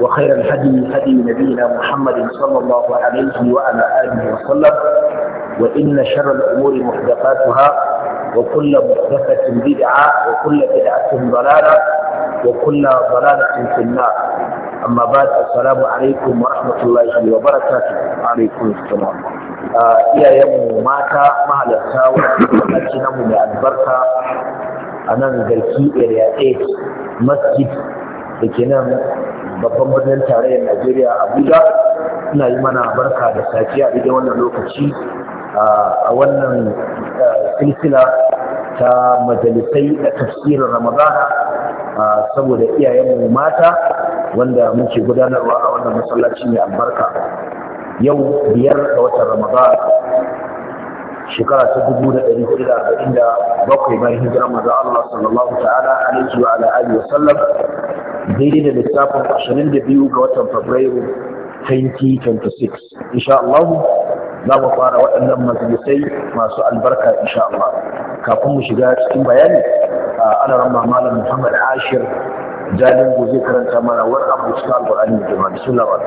وخير الهدي هدي نبينا محمد صلى الله عليه وعلى آله وسلم وإن شر الأمور محدثاتها وكل محدثة بدعة وكل بدعة ضلالة وكل ضلالة في النار أما بعد السلام عليكم ورحمة الله وبركاته وعليكم السلام يا يوم ماتا مهلتا ورحمتنا من البركة أنا نزلكي إريا 8 مسجد لكنام babban birnin tarayyar Najeriya Abuja ina yi mana barka da safiya a wannan lokaci a wannan silsila ta majalisai da tafsirin Ramadan saboda iyayenmu mata wanda muke gudanarwa a wannan masallaci mai albarka yau biyar ga watan Ramadan shekara ta dubu da ɗari hudu da arba'in da bakwai bayan hijirar maza Allah sallallahu ta'ala alaihi wa ala alihi wa sallam daidai da lissafin 22 ga watan Fabrairu 2026. Insha Allah za mu fara waɗannan majalisai masu albarka insha Allah. Kafin mu shiga cikin bayani, ana rama Malam Muhammad Ashir jalin zai karanta mana wani abu cikin alƙur'ani da jama'a. Bismillah ba.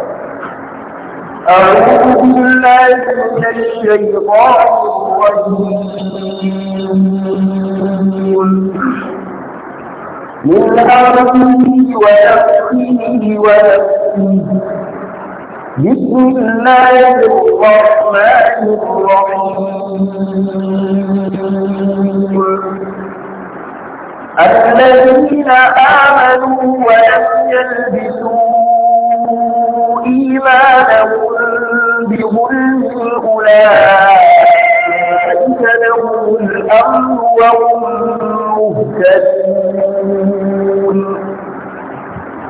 أعوذ بالله من الشيطان الرجيم من أرضه ونفسه ونفسه بسم الله الرحمن الرحيم الذين آمنوا ولم يلبسوا إيمانهم بظلم أولئك لهم الأمر وهم مهتدون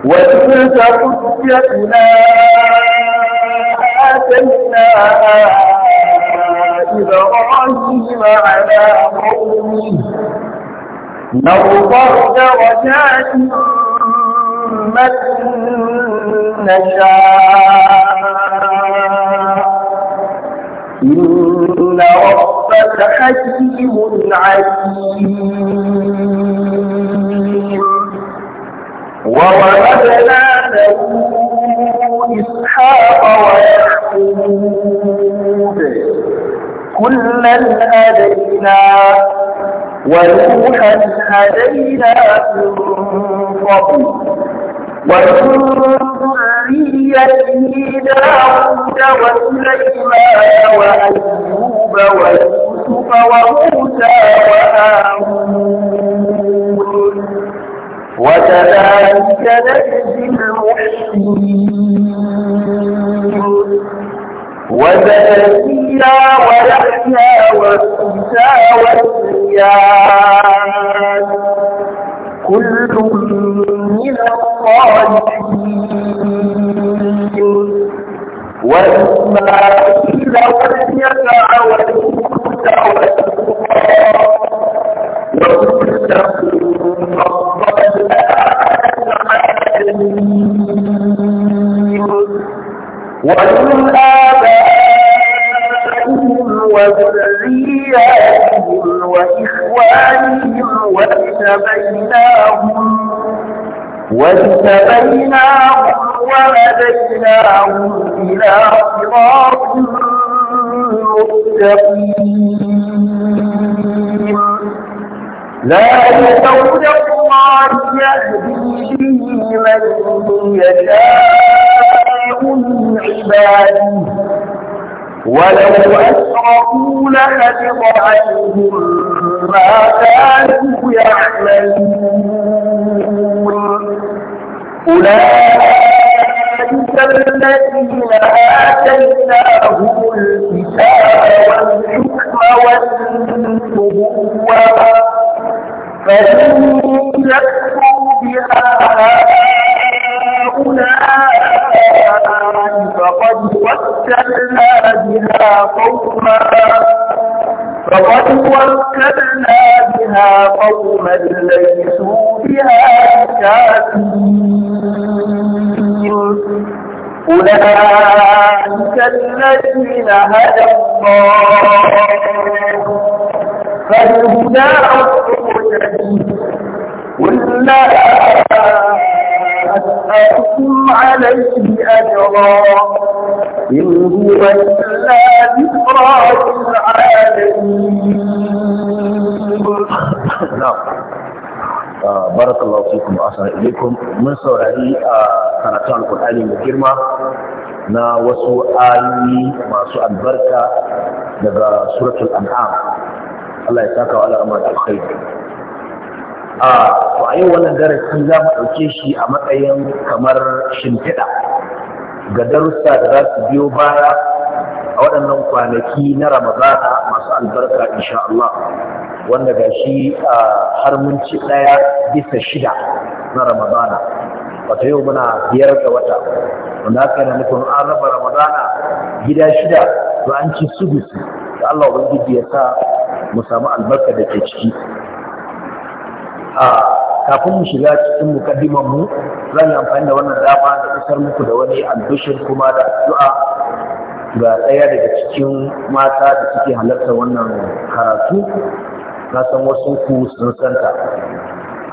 وتلك حجتنا آتَيْنَا إبراهيم على قومه نرفع درجات من نشاء إن ربك حكيم عليم ووهبنا له إسحاق ويعقوب كلا هدينا ونوحا هدينا من قبل ومن ذريته داود وسليمان وأيوب ويوسف وموسى وهارون وكذلك نجزي المحسنين وزكريا ويحيى وموسى والزيان كل من الصالحين وإسماعيل واليسع واليسع واليسع وكل من الصالحين ومن آبائهم وذرياتهم وإخوانهم واجتبيناهم واجتبيناهم وهديناهم إلى صراط مستقيم لا يتوجه الله يهدي به من يشاء من عباده ولو أشركوا لحبط عنهم ما كانوا يعملون أولئك الذين آتيناهم الكتاب والحكم والنبوة فإن يكفوا بها هؤلاء فقد وكلنا بها قوما فقد وكلنا بها قوما ليسوا بها كافرين أولئك الذين هدى الله فالهدى قل لا أسألكم عليه أجرا إن هو إلا ذكرى للعالمين barakallahu fikum wa asana ilaikum mun saurari a karatun alkur'ani mai girma na wasu ayoyi masu albarka daga suratul an'am Allah ya saka wa al'amma da alkhairi a to a yau wannan darasi za mu ɗauke shi a matsayin kamar shimfiɗa ga darussa da za su biyo baya a waɗannan kwanaki na ramadana masu albarka insha Allah wanda gashi shi har mun ci ɗaya bisa shida na ramadana wata yau muna biyar ga wata wanda aka yana nufin an raba ramadana gida shida to an ci sudusi da Allah ubangiji ya sa mu samu albarka da ke ciki a kafin mu shiga cikin mukaddimar mu zan yi amfani da wannan dama da kusar muku da wani albishir kuma da addu'a ga ɗaya daga cikin mata da suke halarta wannan karatu na san wasu ku sun santa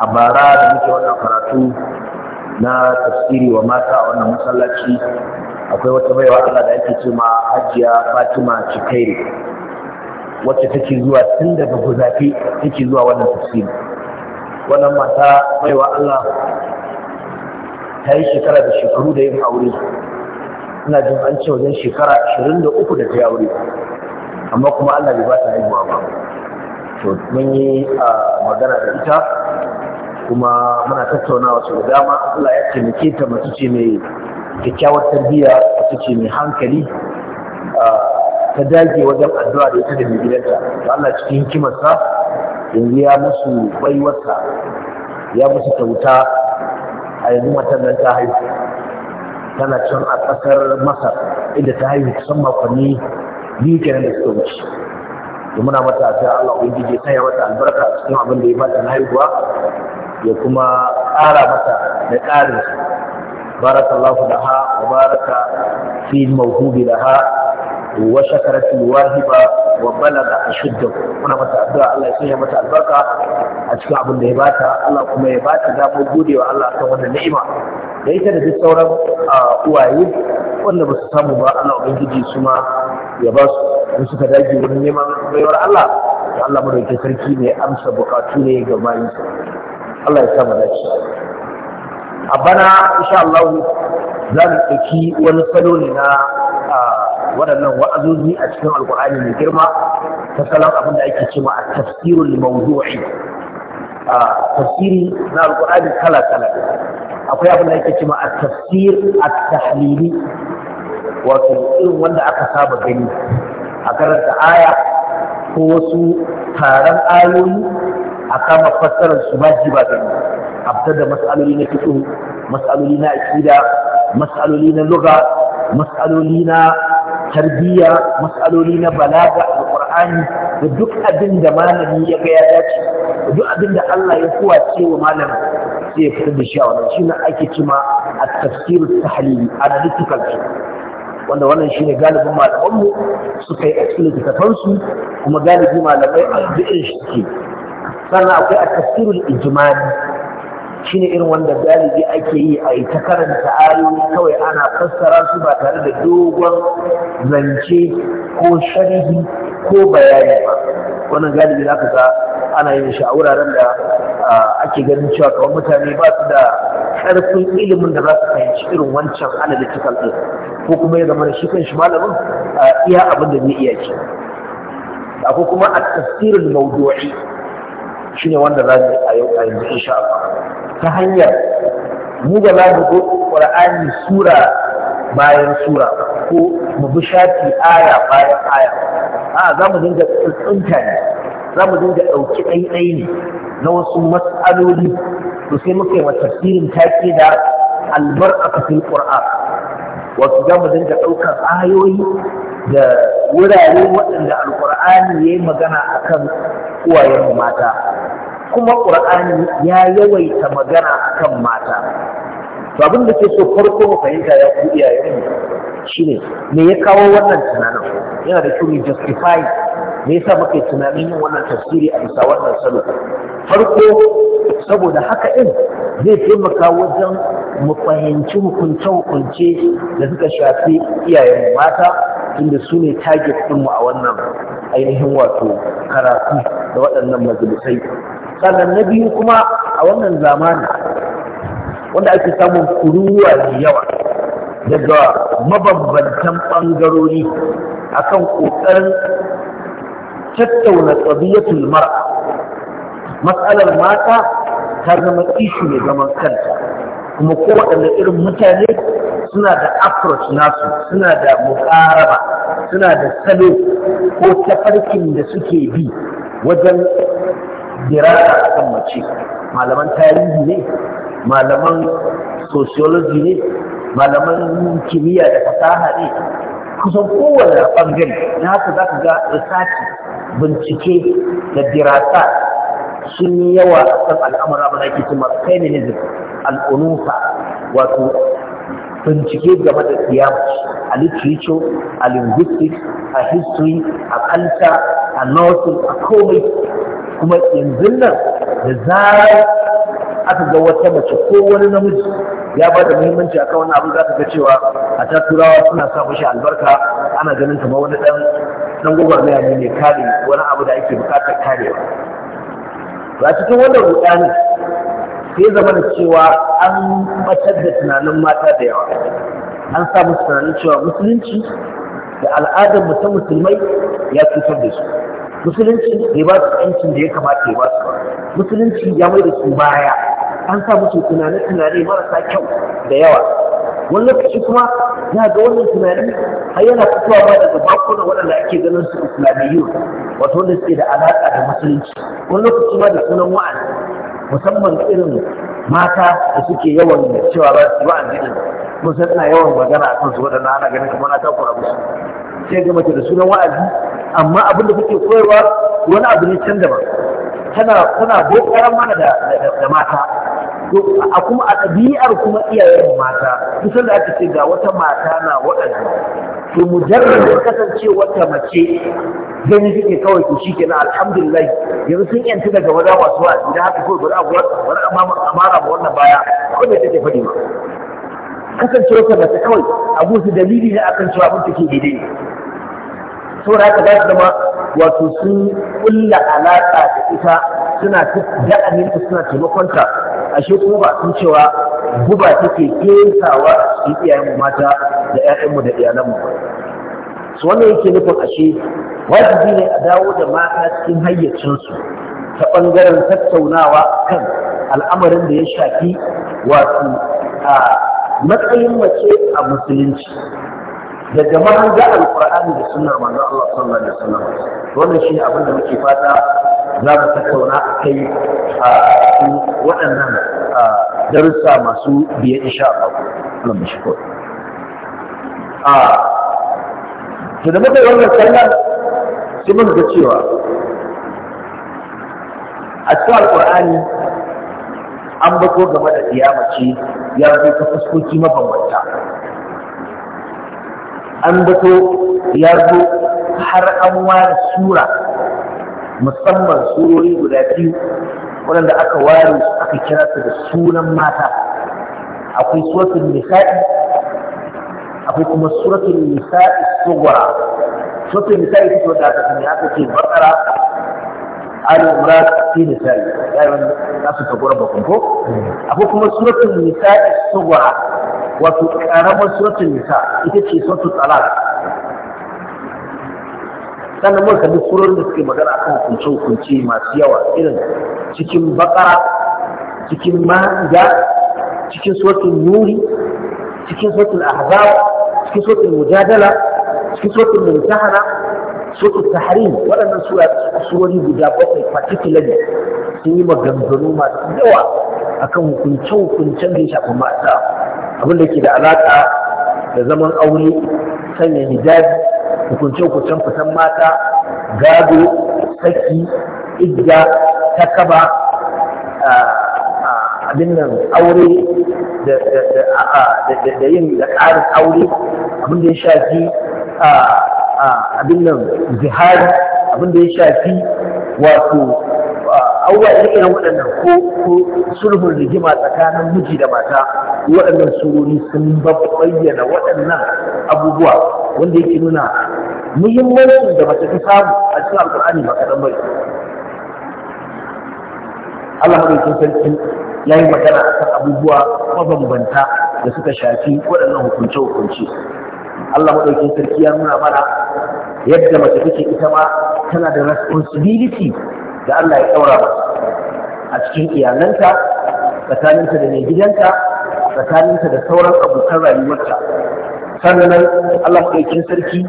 a bara da muke wannan karatu na tafsiri wa mata a wannan masallaci akwai wata baiwa Allah da ake ce ma Hajiya Fatima Cikairi wacce take zuwa tun daga Guzafi take zuwa wannan tafsiri wannan mata baiwa Allah ta yi shekara da shekaru da yin aure ina jin an ce wajen shekara 23 da ta yi aure amma kuma Allah bai ba ta haihuwa ba to mun yi ah, magana da ita kuma muna tattaunawa su da dama Allah ya taimake ta mace ce mai kyakkyawar tarbiyya mace ce mai hankali ta dage wajen addu'a da ita da mai gidanta Allah cikin hikimarsa yanzu ya musu baiwarsa ya musu kyauta a yanzu matan nan ta haihu tana can a ƙasar masar inda ta haihu kusan makonni biyu kenan da suka wuce da muna mata a Allah ubangiji ya sanya mata albarka cikin abin da ya bata na haihuwa ya kuma ƙara mata da ƙarin su da ha wa baraka fi mawhubi ha wa shakarati wahiba wa balaga shudda muna mata addu'a Allah ya sanya mata albarka a cikin abin da ya bata Allah kuma ya bata damar wa Allah kan wannan ni'ima da ita da duk sauran uwaye wanda ba su samu ba Allah ubangiji su ma ya ba su in suka dage wurin neman baiwar Allah allah Allah madaukakin sarki ne amsa bukatu ne ga bayansa Allah ya sa mu dace a bana insha Allah za mu ɗauki wani salo ne na waɗannan wa'azuzi a cikin alkur'ani mai girma ta salon abin da ake cewa a tafsirul mawdu'i a tafsiri na alkur'ani kala kala akwai abin da ake cewa a tafsir a tahlili wato irin wanda aka saba gani a karanta aya ko wasu taron ayoyi a kama fassarar su ba ji ba da abda da mas'aloli na fito, mas'aloli na aƙida, mas'aloli na lugha mas'aloli na tarbiyya mas'aloli na balaga alqur'ani da duk abin da malami ya ga ya dace da duk abin da Allah ya kuwa cewa malamin sai ya fitar da shi a wannan shine ake cima a tafsirin at-tahlili analytical wanda wannan shi ne galibin malamanmu suka yi a cikin littattafansu kuma galibi malamai a duk irin shi suke sannan akwai a tafsirul shi ne irin wanda galibi ake yi a ita karanta ayoyi kawai ana fassara su ba tare da dogon zance ko sharhi ko bayani ba wannan galibi za ka ga ana yin shi a wuraren da ake ganin cewa kawai mutane ba su da ƙarfin ilimin da za su fahimci irin wancan analytical ɗin ko kuma ya zama da shi kan shi malamin iya abin da zai iya ce akwai kuma a tafsirin mawdu'i shine wanda za mu a yau a yanzu insha Allah ta hanyar mu da za mu go Qur'ani sura bayan sura ko mu bi shafi aya bayan aya a za mu dinga tsuntsunta ne za mu dinga ɗauki ɗaiɗai ne na wasu matsaloli to sai muka yi wa tafsirin take da albarka fil qur'an wato za mu dinga ɗaukar ayoyi da wurare waɗanda alƙur'ani ya yi magana a kan uwayen mata kuma ƙur'ani ya yawaita magana a kan mata abin da ke so farko mu fahimta ya ku iyayenmu ne, me ya kawo wannan tunanin yana da kyau mu justify me yasa muke tunanin yin wannan tafsiri a bisa wannan salo farko saboda haka din zai taimaka wajen mu fahimci hukunce-hukunce da suka shafi iyayen mata inda su ne target ɗinmu a wannan ainihin wato karatu da waɗannan majalisai sannan na biyu kuma a wannan zamani wanda ake samun kuruwa da yawa daga mabambantan ɓangarori akan ƙoƙarin tattauna tsabiyatul mara matsalar mata ta zama ishu ne zaman kanta kuma kowaɗanne irin mutane suna da approach nasu suna da muƙaraba, suna da salo ko tafarkin da suke bi wajen dirasa a kan mace malaman tarihi ne malaman sociology ne malaman kimiyya da fasaha ne kusan kowane bangare na haka za ka ga research bincike da dirasa sun yi yawa a kan al'amura ba na ke feminism al'unufa wato bincike game da a literature a linguistics a history a culture a nautil a komai kuma yanzu nan da zarar aka ga wata mace ko wani namiji ya ba da muhimmanci a wani abu za ka ga cewa a ta turawa suna sa mashi albarka ana ganin kamar wani dan dan gwagwarmaya ne kare wani abu da ake bukatar karewa ba cikin wannan rudani sai zama da cewa an batar da tunanin mata da yawa an sa musu tunanin cewa musulunci da al'adar mutum musulmai ya cutar da su musulunci bai ba su yancin da ya kamata ya ba su musulunci ya mai da su baya an sa musu tunanin tunanin marasa kyau da yawa wani lokaci kuma za ga wannan tunani har yana fitowa ba daga bakuna waɗanda ake ganin su islamiyyu wato wanda suke da alaƙa da musulunci wani lokaci ma da sunan wa'azi musamman irin mata da suke yawan cewa ba su wa'azi din mun san ina yawan magana a su waɗanda ana ganin kamar na takura musu sai ga mace da sunan wa'azi amma abin da kuke koyarwa wani abu ne can daban tana tana bokaran mana da mata a kuma a ɗabi'ar kuma iyayen mata kusan da aka ce ga wata mata na waɗanda to mujarrad kasance wata mace gani suke kawai ku to na alhamdulillah yanzu sun yanci daga wada masu wa idan haka kawai bari a wani amara ma wannan baya ko da take faɗi ba kasance ta mace kawai abu su dalili ne akan cewa abin take daidai saboda haka za su zama wato sun kulla alaƙa da ita suna aminta suna taimakonta ashe kuma ba sun cewa guba take kesawa a cikin iyayenmu mata da 'ya'yanmu da iyalanmu su wannan yake nufin ashe wajibi ne a dawo da mata cikin hayyacinsu ta ɓangaren tattaunawa kan al'amarin da ya shafi wato a matsayin mace a musulunci daga mahanga alƙur'ani da sunnar manzo Allah sallallahu alaihi wasallam wannan shine abin da muke fata za mu tattauna kai a cikin waɗannan darussa masu biye insha Allah Allah mu shukr a to da muka wannan sallar sai muka ga cewa a cikin alƙur'ani an bako game da kiyamaci ya fi ta fuskoki mabambanta an bato ya zo har an ware sura musamman surori guda biyu waɗanda aka ware su aka kira su da sunan mata akwai suratun nisa'i akwai kuma suratun nisa'i sugura suratun nisa'i ita wadda aka sani aka ce bakara ali imran fi nisa'i yaran za su ka gurba kun ko akwai kuma nisa nisa'i sughra wato ƙaramar suratul nisa ita ce suratul talaq sannan mun kalli surorin da suke magana kan kunce kunce masu yawa irin cikin bakara cikin ma'ida cikin suratul nuri cikin suratul ahzab cikin suratul mujadala cikin suratul mumtahana suratul tahrim waɗannan surori guda bakwai particularly sun yi maganganu masu yawa akan hukunce-hukuncen da ya shafi mata abin da ke da alaƙa da zaman aure sanya hijabi hukunce-hukuncen fitan mata gado saki igga takaba abin nan aure da yin da ƙarin aure abin da ya shafi abin nan zihar, abin da ya shafi wato abubuwa irin waɗannan ko sulhun rigima tsakanin miji da mata waɗannan surori sun bayyana waɗannan abubuwa wanda yake nuna muhimmancin da mace ta samu a cikin alƙur'ani ba kaɗan bai Allah sarki ya yi magana kan abubuwa mabambanta da suka shafi waɗannan hukunce-hukunce Allah maɗaukin sarki ya nuna mana yadda mace take ita ma tana da responsibility da Allah ya ba. a cikin iyalanta tsakaninta da mai gidanta tsakaninta da sauran abokan rayuwarta sannan Allah maɗaukin sarki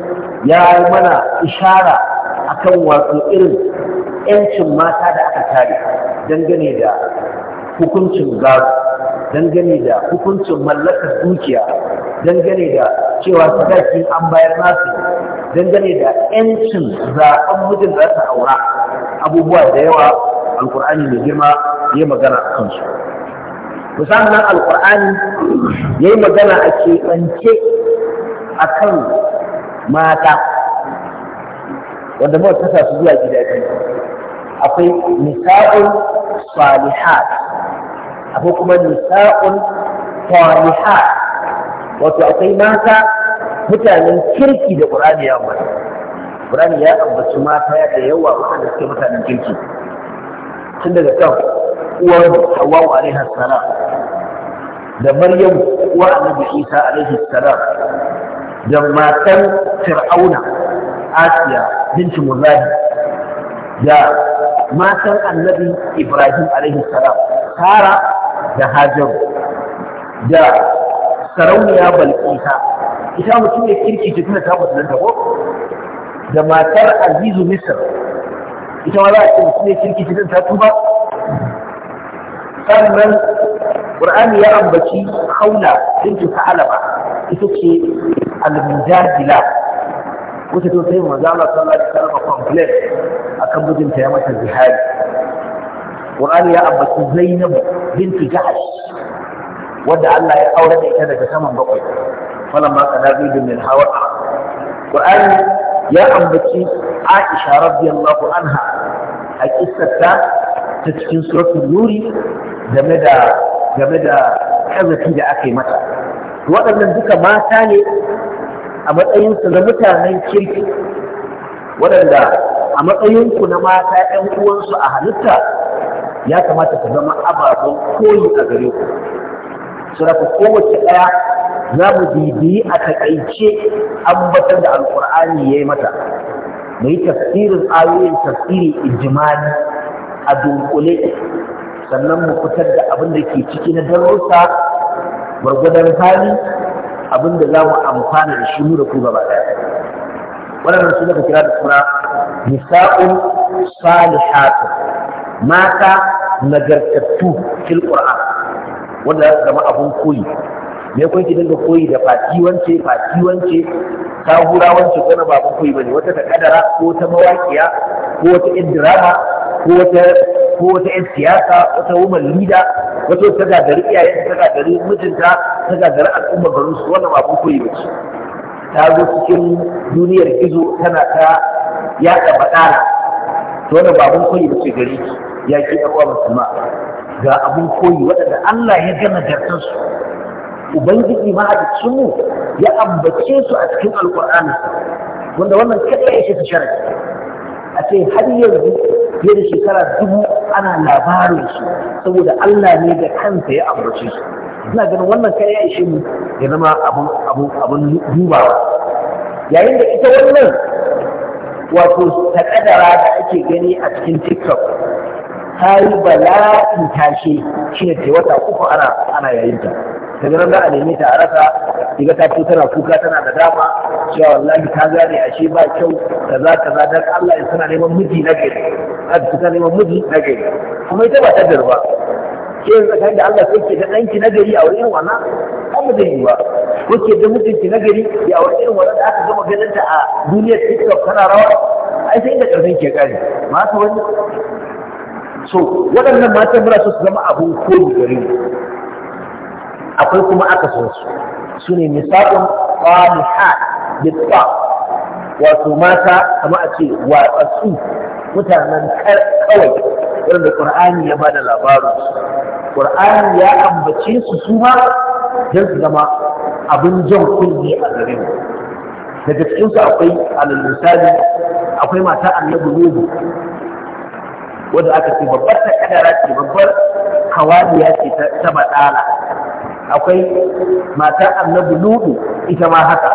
ya yi mana ishara akan wato irin 'yancin mata da aka tare dangane da hukuncin gado dangane da hukuncin mallakar dukiya dangane da cewa sadakin an bayar nasu dangane da yancin zaɓen mijin da ta aura abubuwa da yawa alkur'ani mai girma ya magana a kansu musamman alkur'ani ya yi magana a keɓance a kan mata wanda mawa kasa su zuwa gida biyu akwai nisa'ul salihat akwai kuma nisa'un saliha wato akwai mata mutanen kirki da qur'ani ya ambata qur'ani ya ambaci mata da yawa waɗanda suke mutanen kirki tun daga kan uwar Hawwa alaiha salam da Maryam uwar Annabi Isa alaihi salam da matan Fir'auna Asiya binti Muzahi da matan Annabi Ibrahim alaihi salam Sara da hajar da sarauniya balkisa ita mutum ya kirki ce tuna ta musulunta ko da matar azizu misir ita ma za a ce mutum ya kirki ce ta tuba sannan ƙur'ani ya ambaci haula bintu sa'alaba ita ce al wata ta sai manzo Allah sallallahu alaihi wasallam complain akan mijinta ya mata zihari Qur'ani ya ambaci Zainab binti Jahash wadda Allah ya aure da ita daga saman bakwai falamma qada bidin min hawa Ƙur'ani ya ambaci Aisha radiyallahu anha a kissarta ta cikin suratul Nuri game da game da da aka yi mata waɗannan duka mata ne a matsayinsu na mutanen kirki waɗanda a matsayinku na mata ‘yan uwansu a halitta ya kamata ka zama ababen koyi a gare ku suraka kowace ɗaya za mu bibiyi a takaice ambatar da alƙur'ani ya yi mata mu yi tafsirin ayoyin tafsiri ijimali a dunkule sannan mu fitar da abin da ke ciki na darussa gwargwadon hali abin da za mu amfana da shi mu da ku gaba ɗaya waɗannan su da kira da suna nisa'un salihatun mata nagartattu fil qur'an wanda za su zama abun koyi me kun ki dinga koyi da Fatiwance wance fati wance sahura wance kana ba abun koyi bane wata ta kadara ko ta mawakiya ko wata indirama ko wata ko wata yan siyasa ta woman leader wato ta gagari iyayen ta gagari mijinta ta gagari al'umma garin su wannan ba abun koyi bace ta zo cikin duniyar gizo tana ta yaɗa badala to wannan ba abun koyi da ke gari ya ke ɗan uwa ma. ga abun koyi waɗanda Allah ya gana nagartar ubangiji ma a mu ya ambace su a cikin alƙur'ani wanda wannan kaɗai ya shafi sharadi a ce har yanzu fiye da shekara dubu ana labarin su saboda Allah ne da kansa ya ambace su ina ganin wannan kai ya ishe mu ya zama abun abun dubawa yayin da ita wannan wato takadara da ake gani a cikin tiktok ta yi bala'in tashe shi ne wata uku ana yayin ta daga nan a neme ta a rasa ta fito tana kuka tana da dama cewa wallahi ta gane ashe ba kyau za ta za dan Allah in tana neman miji na gari ta tana neman miji na gari kuma ita ba ta ba ke yanzu da Allah sai ke da danki na gari a wurin wannan ba zai yi ba ko ke da mutunci na gari ya wani irin wanda aka gama ganin ta a duniyar tiktok kana rawa ai sai inda karfin ke kare ma wani so waɗannan matan muna so su zama abun koyi gari akwai kuma aka so su su ne misalin da tsa wato mata kama a ce watsatsu mutanen kawai wanda ƙur'ani ya bada labarin ƙur'ani ya ambace su su ma don su zama abin jan kunne a gare mu daga cikinsu akwai alal akwai mata annabi nuhu wanda aka ce babbar ta kadara ce babbar kawaliya ce ta baɗala akwai matar annabi nuhu ita ma haka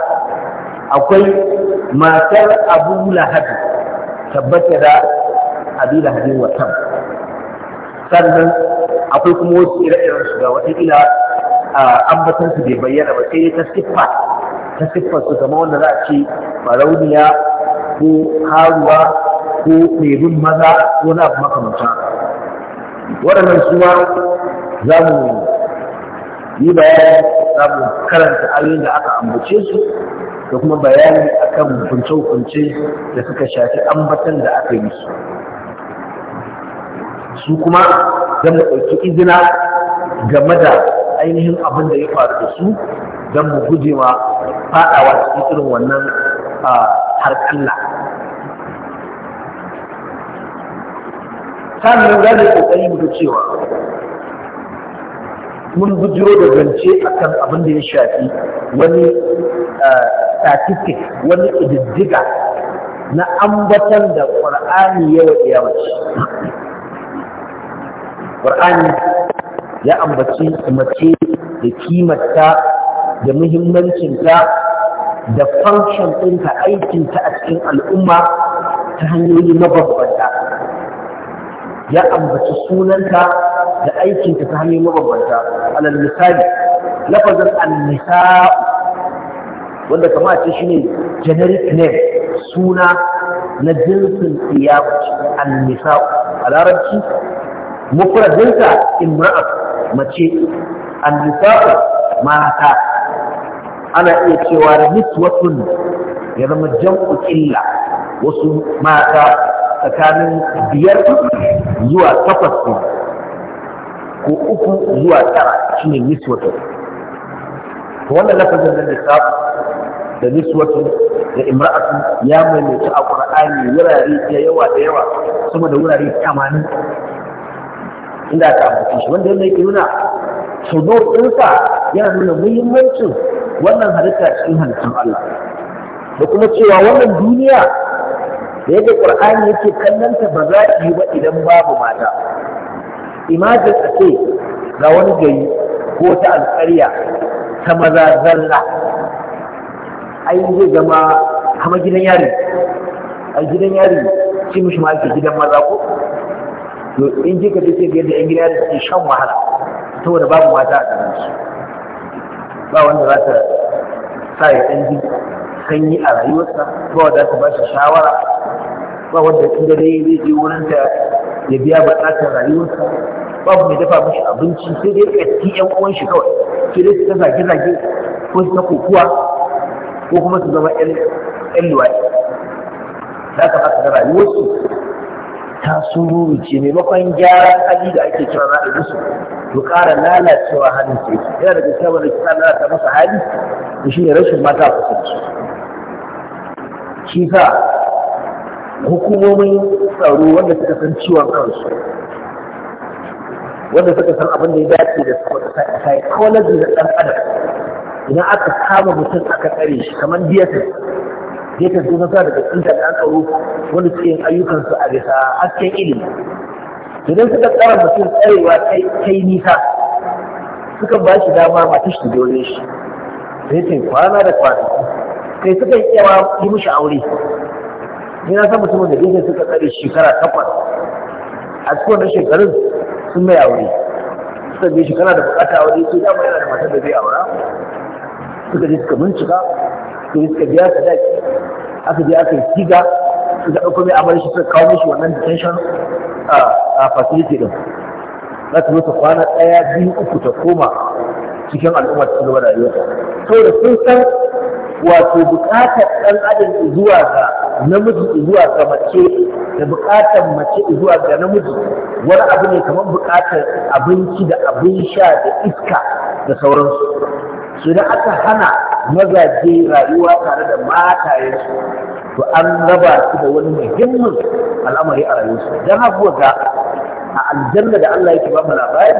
akwai matar abu lahabi tabbata da abi lahabin watan sannan akwai kuma wasu ire-iren su ga watakila ambatan su bai bayyana ba sai ta siffa ta siffar su kamar wanda za a ce farauniya, ko haruwa ko mai bin maza ko na makamanta waɗannan suna za mu yi bayani za mu karanta ayoyin da aka ambace su da kuma bayani akan hukunce-hukunce da suka shafi ambatan da aka yi su su kuma zan mu ɗauki izina game da ainihin abin da ya faru da su don mu guje ma faɗawa cikin irin wannan harkalla sannan za mu yi mu cewa mun bujiro da zance akan abin da ya shafi wani statistic wani ƙididdiga na ambatan da ƙwar'ani yawa ya mace ƙwar'ani ya ambaci mace da kimarta da muhimmancinta da function ɗinta aikinta a cikin al'umma ta hanyoyi mabambanta ya ambaci sunanta da aikinta ta hanyoyi mabambanta alal misali lafazin annisa wanda kama ce shine generic name suna na jinsin tsiya annisa a larabci mufradinsa imra'a mace annisa'u mata ana iya cewa da mutuwatun ya zama jam'u illa wasu mata tsakanin biyar zuwa takwas ko uku zuwa tara shine niswatun wannan lafazin da nisa'u da niswatun da imra'atu ya maimaita a ƙur'ani wurare da yawa da yawa sama da wurare tamanin. inda aka ambace shi wanda yana yake nuna shudur ɗinsa yana nuna muhimmancin wannan halitta cikin halittun Allah da kuma cewa wannan duniya da yadda Qur'ani yake kallonta ba za ta yi ba idan babu mata imajin a ce ga wani gari ko ta alƙarya ta maza zalla ai zai zama kama gidan yari a gidan yari shi mishi ma gidan maza ko to in kika ji ga yadda yan gida da suke shan wahala saboda babu mata a gaban ba wanda za ta sa ya ɗan ji sanyi a rayuwarsa ba wanda za ta ba shi shawara ba wanda in da dai zai je wurin ta ya biya buƙatar rayuwarsa babu mai dafa mashi abinci sai dai ƙatti ƴan uwan shi kawai sai dai su ta zage-zage ko su ta kokuwa ko kuma su zama ƴan luwaɗi za ka haka da rayuwarsu ta sururu maimakon gyaran hali da ake kira na a musu to ƙara lalacewa halin su yake yana daga cewa da kisa lalata masa hali da shi ne rashin mata a kusa su shi sa hukumomin tsaro wanda suka san ciwon kansu wanda suka san abin da ya dace da su wata sa'i kawai na ɗan adam idan aka kama mutum aka tsare shi kamar diyasa ya kan sun daga tsinta da tsaro wanda suke yin ayyukansu a bisa hasken ilimi idan suka tsara mutum tsarewa ta yi nisa suka ba shi dama mata shi dole shi sai ta kwana da kwana Kai suka yi yawa yi mishi aure ni na san mutumin da dukkan suka tsare shekara takwas a cikin wannan shekarun sun mai aure suka je shekara da bukata aure sai dama yana da matar da zai aura suka je suka bincika sai suka biya su dace. aka je aka yi siga suka ɗauko mai amar shi suka kawo mishi wannan detention a facility din za ta zo ta kwana ɗaya biyu uku ta koma cikin al'umma ta gaba da rayuwa da sun san wato buƙatar ɗan adam zuwa ga namiji zuwa ga mace da buƙatar mace zuwa ga namiji wani abu ne kamar buƙatar abinci da abin sha da iska da sauransu su da aka hana mazaje rayuwa tare da matayensu to an raba su da wani muhimmin al'amari a rayuwarsu don haka ga a aljanna da Allah yake ba mu labari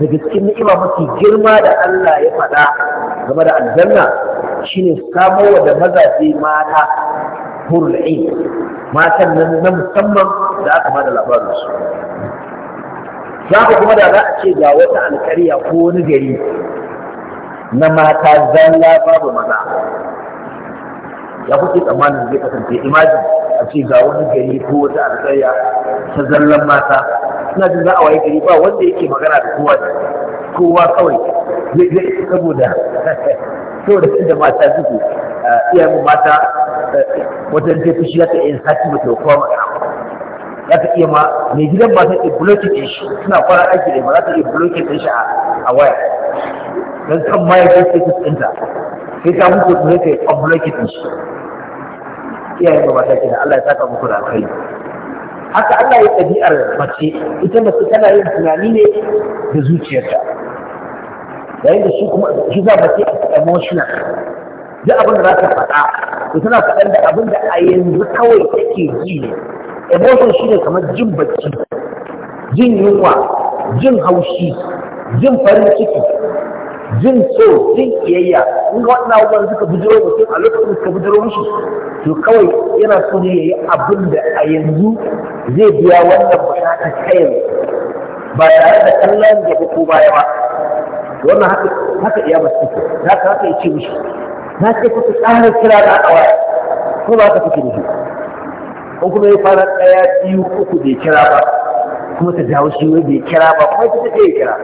daga cikin ni'ima mafi girma da Allah ya faɗa game da aljanna shine samo da mazaje mata hurri matan nan na musamman da aka ba da labarin su za ku kuma da za a ce ga wata alƙarya ko wani gari na mata zalla babu maza ya kuke tsammanin zai kasance imajin a ce ga wani gari ko wata alƙarya ta zallan mata suna jin za a waye gari ba wanda yake magana da kowa kowa kawai zai zai saboda saboda inda mata suke ah, iyayen mata eh, wajen ta fushi za ta iya sati mata kowa magana za ta iya ma mai gidan ba ta iya blokin shi suna fara aiki da ba za ta iya blokin shi a waya don kan ma ya kai status ɗinta sai ta mutu ne kai unblocked shi iyayen ba ta kina Allah ya saka muku da alkhairi haka Allah ya ɗabi'ar mace ita mace tana yin tunani ne da zuciyarta yayin da shi kuma shi za mace emotional duk abin da za ta faɗa to tana faɗan da abin da a yanzu kawai take ji ne emotion shi ne kamar jin bacci jin yunwa jin haushi jin farin ciki jin so jin kiyayya in ga wannan abubuwan suka bujiro mutum a lokacin suka bujiro mushi to kawai yana so ne yayi abin da a yanzu zai biya wannan bukata ta yanzu ba tare da kallon da ko baya ba wannan haka haka iya ka haka ya ce mishi na ce ku tsarin kira da waya ko ba ka fike da shi ko kuma ya fara daya biyu uku bai kira ba kuma ta dawo shi wai bai kira ba kuma ta ce ya kira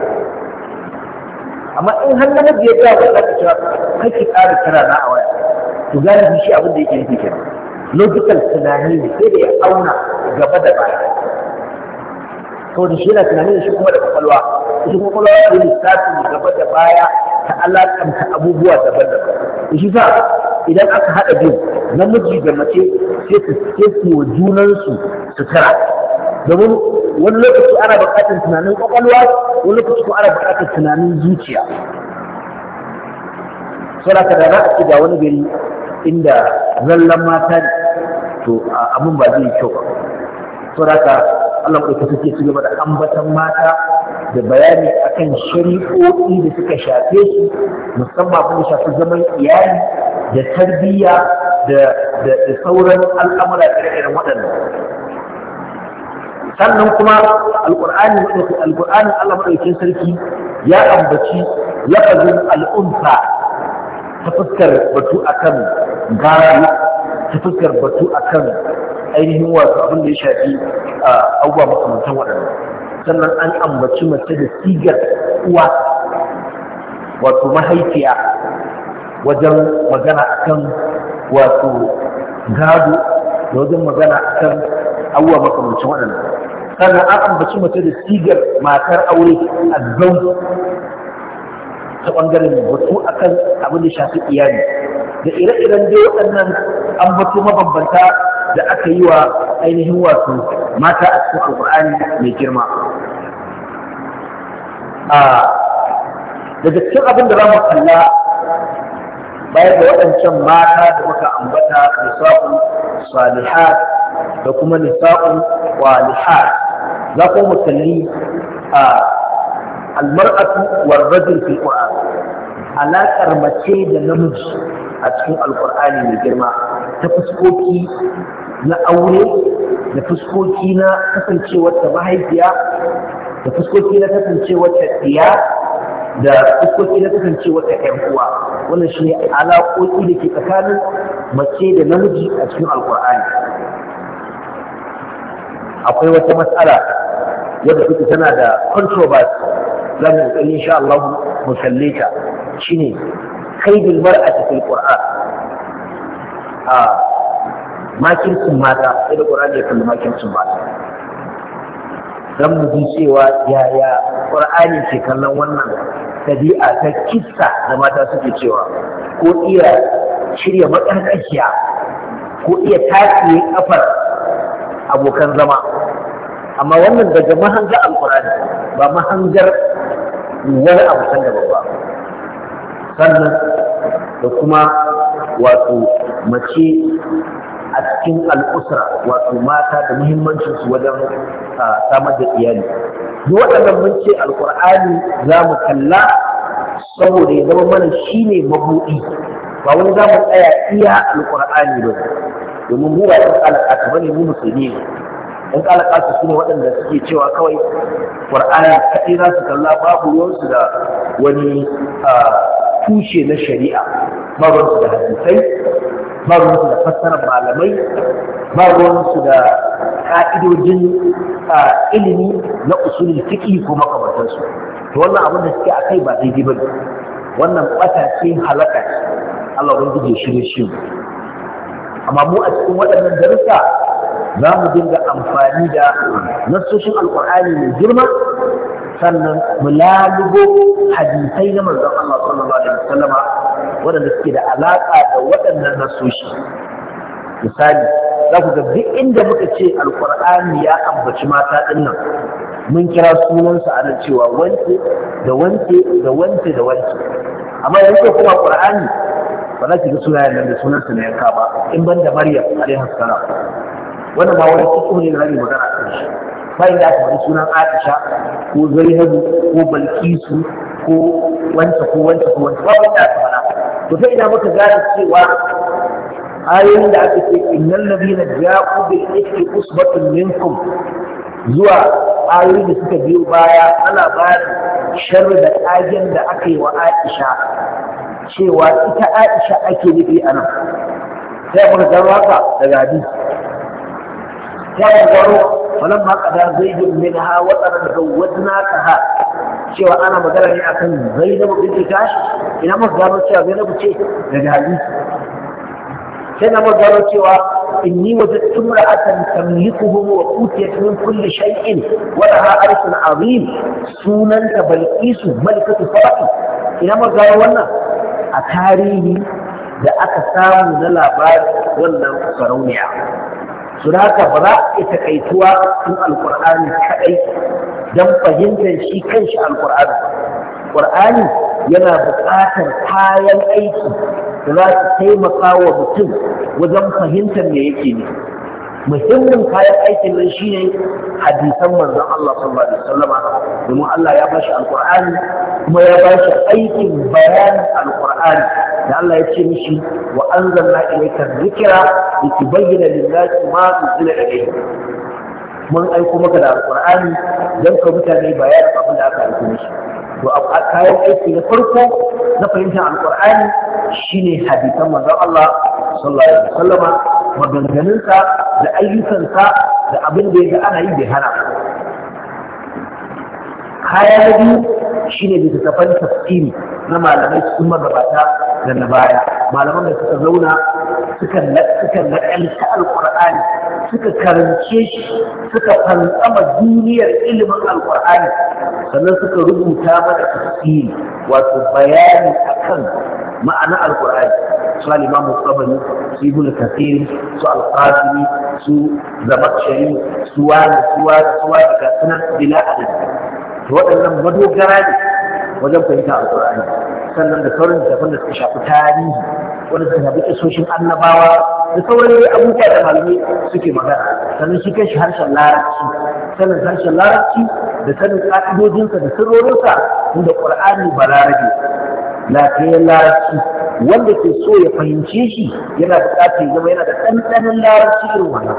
amma in har namiji ya tsaya ba za ka cewa kake ƙara kira na a waya to galibi shi abin da yake nufi kenan logical tunani ne sai da ya auna gaba da baya saboda shi yana tunani da shi kuma da kwakwalwa shi kuma kwakwalwa ya lissafi gaba da baya ta alakanta abubuwa daban-daban shi sa idan aka haɗa biyu namiji da mace sai su sai junansu junansu tara. domin wani lokaci ana buƙatar tunanin kwakwalwa wani lokaci ko ana buƙatar tunanin zuciya saboda da za a ci ga wani gari inda zallan mata ne to abin ba zai kyau ba saboda ka Allah ko ta suke ci gaba da ambatan mata da bayani akan shari'o'i da suka shafe su musamman abin da shafi zaman iyali da tarbiyya da sauran al'amura ire-iren waɗannan sannan kuma alqur'ani alqur'ani Allah madaukakin sarki ya ambaci lafazin al'umma ta fuskar batu akan gari ta fuskar batu akan ainihin wasu abin da ya shafi abubuwa makamantan waɗanda sannan an ambaci mace da sigar uwa wato mahaifiya wajen magana akan wato gado da wajen magana akan abubuwa makamancin waɗanda kana an ambaci mace da sigar matar aure a zau ta ɓangaren batu akan abin da shafi iyali da ire-iren dai waɗannan ambato mabambanta da aka yi wa ainihin wato mata a cikin alƙur'ani mai girma daga cikin abin da za mu kalla bayan da waɗancan mata da muka ambata nisa'un salihat da kuma nisa'un walihat za ko mu kalli a almar'atu war rajul alaƙar mace da namiji a cikin alƙur'ani mai girma ta fuskoki na aure da fuskoki na mahaifiya da fuskoki na kasancewar ta fuskoki na ƴan uwa wannan shine alaƙoƙi da ke tsakanin mace da namiji a cikin alƙur'ani akwai wata matsala wadda kuka tana da controversy Zan mu kokari Allah mu kalle ta shine kaidul mar'ati fil qur'an a makircin mata sai da qur'ani ya kalli makircin mata Zan mu ji cewa yaya qur'ani ke kallon wannan tabi'a ta kissa da mata suke cewa ko iya shirya makarkashiya ko iya tasiye kafar abokan zama amma wannan daga mahangar alkurani ba mahangar wani abu san da ba sannan da kuma wato mace a cikin al'usra wato mata da muhimmancinsu wajen samar da iyali duk waɗannan mun ce alkur'ani za mu kalla saboda ya zama mana shi ne mabuɗi ba wani za mu tsaya iya alkur'ani ba domin mu ba ta alaƙa ta ne, mu musulmi ne in kala kasu su ne waɗanda suke cewa kawai ƙwar'ani kaɗai za su kalla babu ruwansu da wani tushe na shari'a ba ruwansu da hadisai ba ruwansu da fassarar malamai ba ruwansu da ka'idojin ilimi na usulun fiƙi ko makamantansu to wannan abin da suke akai ba daidai ba ne wannan ɓata ce halaka ce Allah ubangiji ya shirye shi amma mu a cikin waɗannan darussa za mu dinga amfani da nassoshin alƙur'ani mai girma sannan mu lalubo hadisai na manzon Allah sallallahu alaihi wasallama waɗanda suke da alaƙa da waɗannan nasoshi misali za ku ga duk inda muka ce alƙur'ani ya ambaci mata ɗin nan mun kira sunansa a nan cewa wanke da wanke da wanke da wanke amma yanzu kuma ƙur'ani ba za ki ga sunayen nan da sunansa na yanka ba in ban da Maryam alaihi salam wannan ma wani cikin ne zai magana kan shi bayan da aka faɗi sunan Aisha ko Zainabu ko Balkisu ko wanta ko wanta ko wanta ba wanda aka faɗa to sai ina muka gane cewa ayoyin da aka ce innal ladina ja'u bil ifki usbatun minkum zuwa ayoyin da suka biyo baya ana bayan sharri da kagen da aka yi wa Aisha cewa ita Aisha ake nufi a nan sai muka gano haka daga hadisi تيغرو فلما قضى زيد منها وطرا زوجناكها cewa ana magana ne akan zainabu bin jikash ina muka gano cewa zainabu ce daga hadisi sai na muka gano cewa inni wajadtu imra'atan tamlikuhum wa utiyat min kulli shay'in wa laha arshun azim sunanta balqisu malikatu saba'i ina muka gano wannan a tarihi da aka samu na labarin wannan sarauniya don haka ba za a iya takaituwa in alkur'ani kaɗai don fahimtar shi kanshi alkur'ani ƙur'ani yana buƙatar kayan aiki da za su taimaka wa mutum wajen fahimtar me yake ne muhimmin kayan aikin nan shine hadisan manzon Allah sallallahu alaihi wasallam domin Allah ya bashi alqur'ani kuma ya bashi aikin bayan alqur'ani da Allah ya ce mishi wa anzalna ilayka dhikra litubayyana lin-nasi ma unzila ilayhim mun aiko maka da alqur'ani dan ka mutane bayanin abin da aka aiko mishi to a kayan aiki na farko na fahimtar alkur'ani shine hadisan manzon Allah sallallahu alaihi wasallama maganganunsa da ayyukansa da abin da ya ga ana yi bai hana kaya na biyu shine littattafan tafsiri na malamai sun magabata da na baya malaman da suka zauna suka suka nakalta suka karance shi suka fantsama duniyar ilimin alkur'ani sannan suka rubuta mana tafsiri wato bayani akan ma'ana alqur'ani su al-imam al su ibn su al-qasimi su zamakshari su wani su wani su wani ga sunan bila adadi waɗannan madogara ne wajen fahimta ƙur'ani sannan da sauran littafan da suka shafi tarihi wanda suka shafi kisoshin annabawa da sauran dai abubuwa da malamai suke magana sannan shi shi harshen larabci sanin harshen larabci da sanin ƙa'idojinsa da sirrorinsa inda ƙur'ani ba larabe lafiyayyen larabci wanda ke so ya fahimce shi yana buƙatar zama yana da ɗanɗanon larabci irin wannan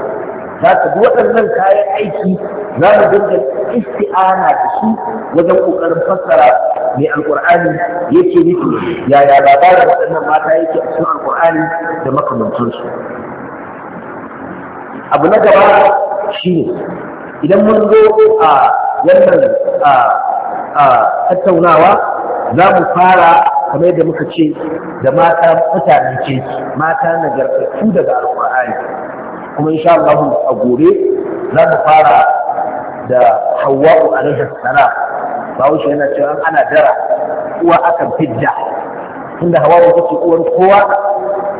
za ka bi waɗannan kayan aiki za mu dinga isti'ana da su wajen ƙoƙarin fassara mai alƙur'ani yake nufi yaya labarin waɗannan mata yake a cikin alƙur'ani da makamantansu abu na gaba shi idan mun zo a wannan tattaunawa za mu fara kamar yadda muka ce da mata mutane ce mata nagartattu daga alƙur'ani kuma insha Allah a gobe za mu fara da Hawwa'u alaihi salam bawo yana cewa ana dara uwa akan fidda tunda Hawwa'u take uwar kowa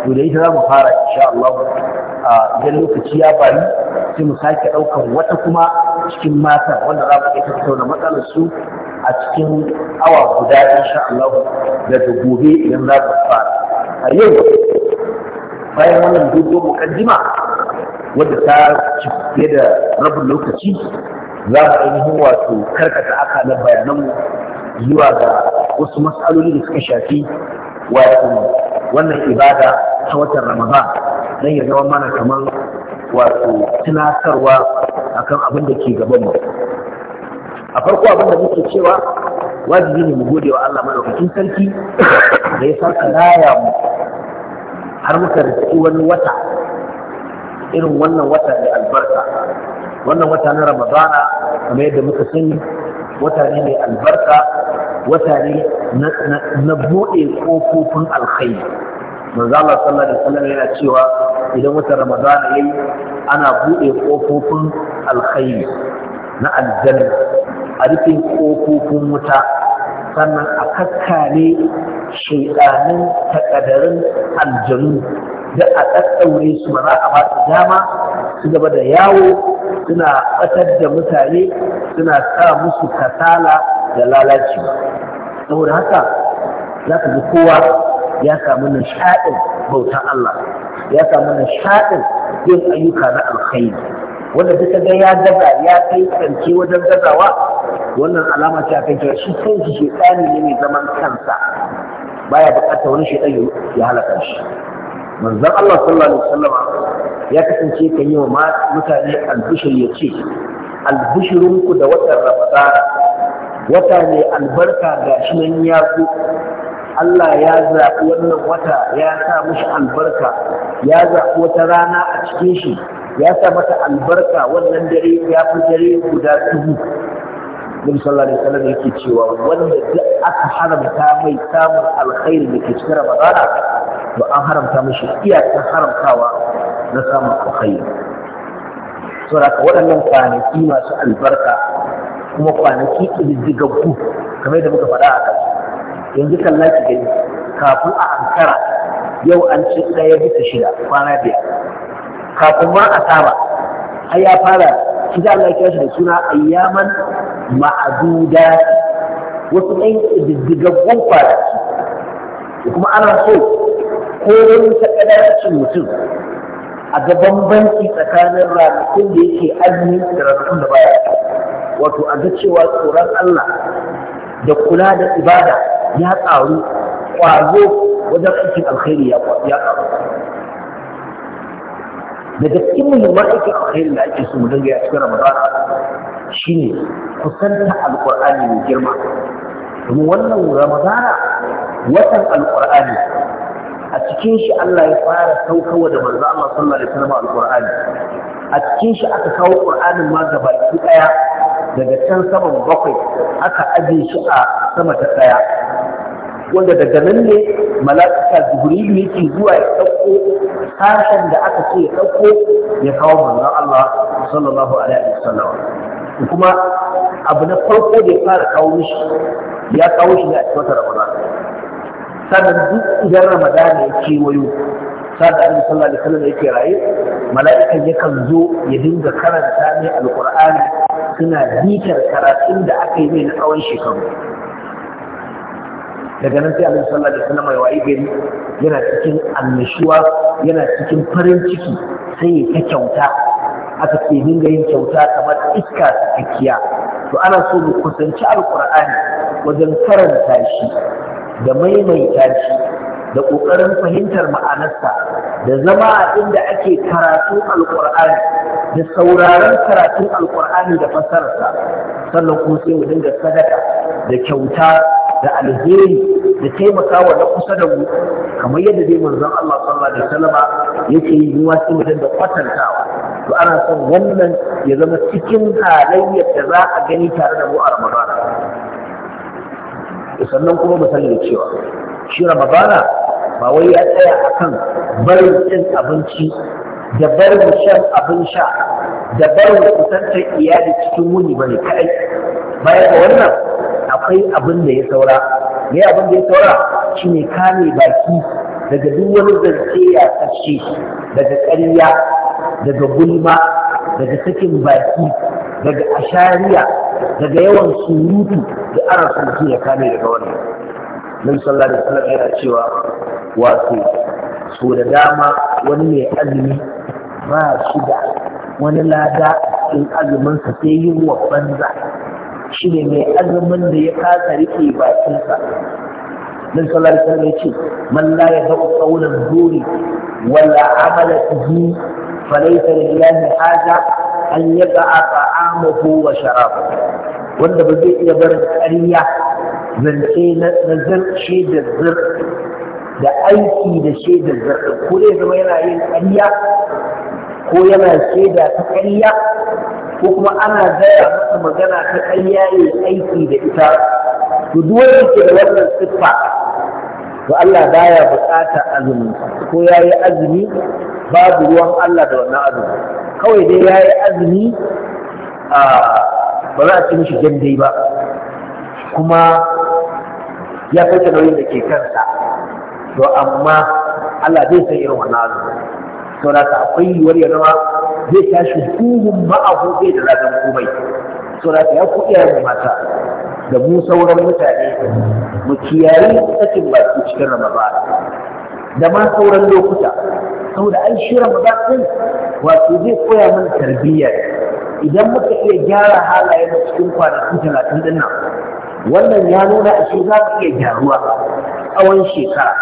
to da ita za mu fara insha Allah idan lokaci ya bari sai mu sake ɗaukar wata kuma cikin mata wanda za mu iya tattauna matsalar su a cikin awa guda insha Allah daga gobe idan za mu fara a yau bayan wannan dogon mukaddima Wanda ta ci fiye da rabin lokaci za yi ainihin wato karkata bayanan bayananmu zuwa ga wasu matsaloli da suka shafi wato wannan ibada ta watan ramadan don ya zama mana kamar wato tunatarwa akan abin da ke mu a farko abin da muke cewa wajibi ne mu gode wa Allah madaukakin sarki da ya sarka laya mu har muka rufe wani wata irin wannan wata albarka wannan wata na ramadana kamar yadda muka sani wata ne mai albarka wata ne na buɗe ƙofofin alkhairi manzo Allah sallallahu alaihi wasallam yana cewa idan wata ramadana yayi ana buɗe ƙofofin alkhairi na aljanna a rufin ƙofofin wuta sannan a kakkare shaidanin takadarin aljanu da a ɗaɗɗaure su ba za a ba su dama su gaba da yawo suna ɓatar da mutane suna sa musu kasala da lalaci saboda haka za ka ji kowa ya samu nishaɗin bautan Allah ya samu nishaɗin yin ayyuka na alkhairi wanda duka ga ya daga ya kai wajen gazawa wannan alama ce akan cewa shi kanshi shekani ne mai zaman kansa baya bukatar wani shaidan ya halaka shi manzon Allah sallallahu alaihi wasallam ya kasance kan yi wa mutane albushir ya ce albushirunku da watan Ramadan wata ne albarka ga shi nan ya zo Allah ya zaɓi wannan wata ya sa mishi albarka ya zaɓi wata rana a cikin shi ya sa mata albarka wannan dare ya fi dare guda dubu Nabi sallallahu alaihi wasallam yake cewa wanda duk aka haramta mai samun alkhairi da ke cikin Ramadana to an haramta mashi iya ta haramtawa na samun alkhairi da waɗannan kwanaki masu albarka kuma kwanaki ƙididdigaggu kamar da muka faɗa a kan yanzu kan ki gani kafin a ankara yau an ci ɗaya bisa shida kwana biyar kafin ma a saba ai ya fara shi da Allah ya shi da suna ayyaman ma'aduda wasu ɗan ƙididdigaggun kwanaki kuma ana so ko wani sakadacin mutum a ga bambanci tsakanin ranakun da yake azumi da ranakun da baya wato a ga cewa tsoron Allah da kula da ibada ya ƙaru ƙwazo wajen aikin alkhairi ya ƙaru Da cikin muhimman aikin alkhairi da ake so mu dinga ya cikin ramadan shine kusanta alqur'ani mai girma domin wannan ramadana watan alqur'ani a cikin shi Allah ya fara saukawa da manzo Allah sallallahu alaihi wasallam alqur'ani a cikin shi aka kawo qur'anin ma gaba ki daya daga can saman bakwai aka aje shi a sama ta daya wanda daga nan ne mala'ika jibrilu yake zuwa ya dauko sashen da aka ce ya dauko ya kawo manzo Allah sallallahu alaihi wasallam kuma abu na farko da ya fara kawo mishi ya kawo shi ne a cikin Ramadan sannan duk idan ramadana ya kewayo sada annabi sallallahu alaihi wasallam yake raye mala'ikan yakan zo ya dinga karanta mai alqur'ani suna dikar karatun da aka yi mai na tsawon shekaru daga nan sai annabi sallallahu alaihi wasallam ya wayi gari yana cikin annashuwa yana cikin farin ciki sai ya ta kyauta aka ce dinga yin kyauta kamar iska tsakiya to ana so mu kusanci alqur'ani wajen karanta shi da maimaita shi da ƙoƙarin fahimtar ma'anarsa da zama a inda ake karatun alƙur'ani da sauraron karatun alƙur'ani da fasararsa sannan kuma sai mu dinga sadaka da kyauta da alheri da taimaka wa na kusa da mu kamar yadda dai manzon Allah sallallahu alaihi wasallama yake yi ruwa sai mu dinga kwatantawa to ana son wannan ya zama cikin halayyar da za a gani tare da mu a Ramadan sannan kuma mu sani da cewa shi ramadana ba wai ya tsaya a kan barin cin abinci da barin shan abin sha da barin kusantar iyali cikin wuni ba ne kaɗai baya ga wannan akwai abin da ya saura me abin da ya saura shine kame baki daga duk wani zance ya kashe daga ƙarya daga gulma daga sakin baki daga ashariya daga yawan surutu da ana son mutum ya kame daga wannan nabi sallallahu alaihi wasallam yana cewa wato so da dama wani mai azumi ba shi da wani lada in azumin sa sai yi wa banza shi ne mai azumin da ya kasa rike bakinsa nan sallar ta ya ce man la ya da'u qawlan duri wala amala bihi falaysa lillahi haja an yaqa ta'amuhu wa sharabuhu wanda ba zai iya barin ƙarya zance na zir shaidar zir da aiki da shaidar zir ko zai zama yana yin ƙarya ko yana shaida ta ƙarya ko kuma ana gaya masa magana ta ƙarya ya aiki da ita to duk wanda ke da wannan siffa to Allah baya bukata azumin ko yayi azumi babu ruwan Allah da wannan azumi kawai dai yayi azumi a ba za a ci mishi dai ba kuma ya fita nauyin da ke kansa to amma Allah zai san irin wannan azumi to da ta akwai yiwuwar ya zama zai tashi hukumun ma'ahu zai da ladan komai to da ta ya ku iyayen mata da mu sauran mutane mu kiyayi ba baki cikin ramadan da ma sauran lokuta saboda an shi ramadan din wato zai koya mana tarbiyya idan muka iya gyara halayen cikin kwanaki talatin din nan wannan ya nuna a shi za ka iya gyaruwa tsawon shekara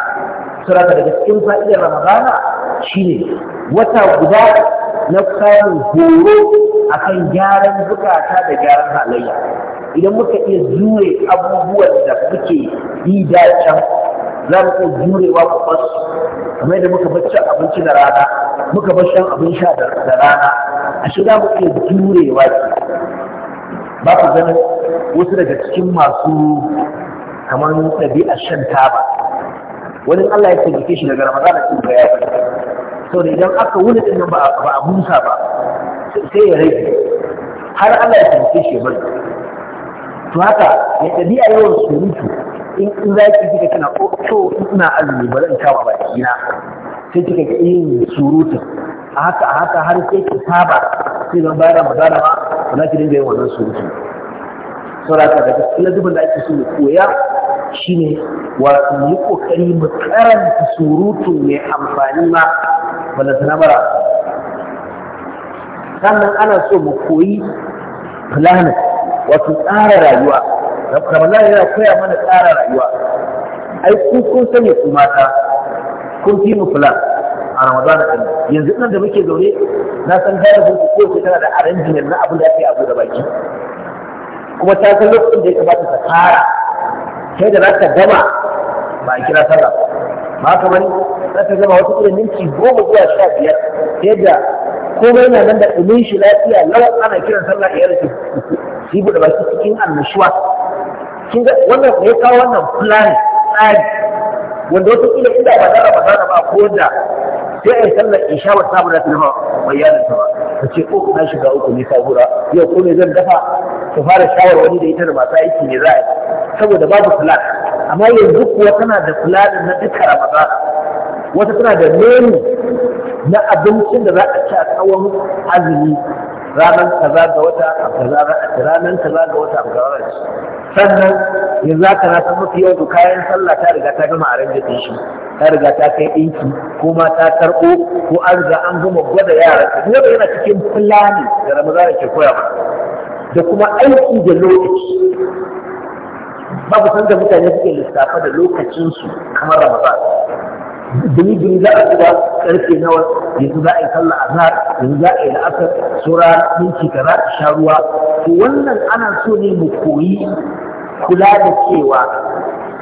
suraka daga cikin fa'idar ramadana shine wata guda na kayan horo akan gyaran zukata da gyaran halayya idan muka iya jure abubuwan da muke yi da can za mu iya jurewa ku fasu kamar da muka bar cin abinci da rana muka bar shan abin sha da rana a shiga mu iya jurewa ba ku ganin wasu daga cikin masu kamar ɗabi'ar shan taba wani Allah ya taimake shi daga Ramadan sun ga ya sau da idan aka wuni din nan ba a musa ba sai ya rage har ana ya tafi shi ba to haka ya a yawan surutu in in za ki kika kana ko oh, to ina azumi ba zan kawo baki na sai kika ga yin surutu a haka haka har sai ki saba sai zan bayar da magana ma za ki dinga yin wannan surutu saboda daga cikin ladabin da ake so mu koya shine wato yi kokari mu karanta surutun mai amfani ma da sanamara sannan ana so mu koyi planet wato tsara rayuwa ramadan yana koya mana tsara rayuwa ai ku kun sani ku mata kun fi mu plan a ramadan din yanzu nan da muke zaune na san galibin ku ko tana da arrangement na abin da ake abu da baki kuma ta san lokacin da ya kamata ta fara sai da za ta gama ba a kira sallah ba kamar za ta gama wata irin minti goma zuwa sha biyar sai da komai na nan da ɗumin shi lafiya lau ana kiran sallah ya rike shi buɗe baki cikin annashuwa kin ga wannan ya kawo wannan plan tsari wanda wata kila inda ba zara ba za ba ko da sai ai sallar isha wa sabu da tilma mai yana ta ba Ka ce ko oh, na shiga uku ne sabura yau ko me zan dafa ta fara shawarwari da ita da masu aiki ne za a yi saboda babu plan amma yanzu kuwa tana da plan na duka ramadana wata tana da nemi. na abincin da za a ci a tsawon azumi ranar kaza ga wata kaza ranar kaza ga wata kaza sannan yanzu haka na san mafi yau kayan sallah ta riga ta gama a ranjatin shi ta riga ta kai ɗinki ko ma ta karɓo ko an riga an gama gwada yara duk wanda yana cikin fulani da ramadana ke koya ba da kuma aiki da lokaci babu san da mutane suke lissafa da lokacinsu kamar ramadana dumi dumi za a zuba karfe nawa yanzu za a yi sallah azhar yanzu za a yi la'asar sura minti kaza sha ruwa to wannan ana so ne mu koyi kula da cewa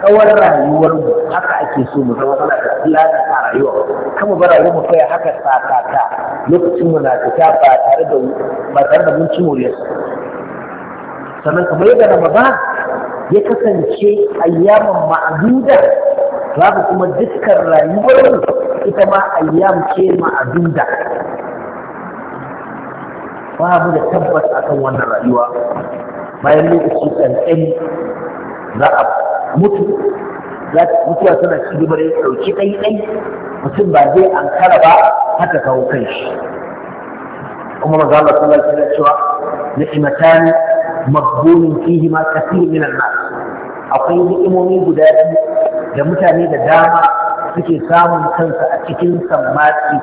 tsawon rayuwar mu haka ake so mu zama muna da fulani a rayuwa kama ba rayuwar mu kai haka sakaka lokacin mu na fita ba tare da ba tare da mun ci sannan kamar yadda na ba ya kasance ayyaman ma'aduda za ku kuma dukkan rayuwar ita ma ayyam ce ma'aduda babu da tabbas akan wannan rayuwa bayan lokaci tsantsani za a mutu za ta mutuwa tana ci gaba da ɗauki ɗaiɗai mutum ba zai an kara ba haka kawo kai shi kuma maza Allah sallallahu alaihi wasallam cewa ni'matani mabdunun fihi ma kathir min an akwai ni'imomi guda biyu da mutane da dama suke samun kansu a cikin sammatsi